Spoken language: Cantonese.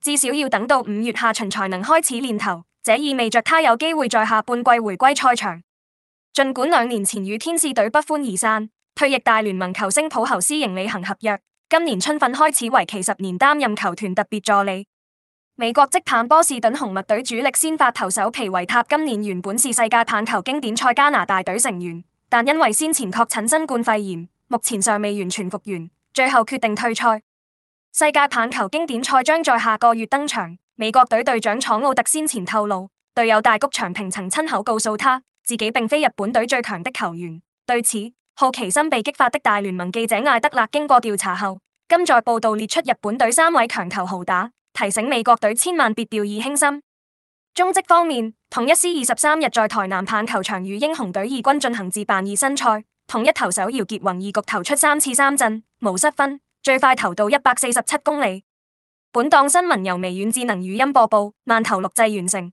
至少要等到五月下旬才能開始練投，這意味着他有機會在下半季回歸賽場。儘管兩年前與天使隊不歡而散，退役大聯盟球星普侯斯仍履行合約，今年春訓開始為期十年擔任球團特別助理。美國職棒波士頓紅襪隊主力先發投手皮維塔今年原本是世界棒球經典賽加拿大隊成員，但因為先前確診新冠肺炎，目前尚未完全復原，最後決定退賽。世界棒球經典賽將在下個月登場。美國隊隊長楚奧特先前透露，隊友大谷翔平曾親口告訴他自己並非日本隊最強的球員。對此，好奇心被激發的大聯盟記者艾德勒經過調查後，今在報道列出日本隊三位強投豪打，提醒美國隊千萬別掉以輕心。中職方面，統一獅二十三日在台南棒球場與英雄隊二軍進行自辦二新賽，統一投手姚杰宏二局投出三次三振，無失分。最快投到一百四十七公里。本檔新聞由微軟智能語音播報，慢投錄製完成。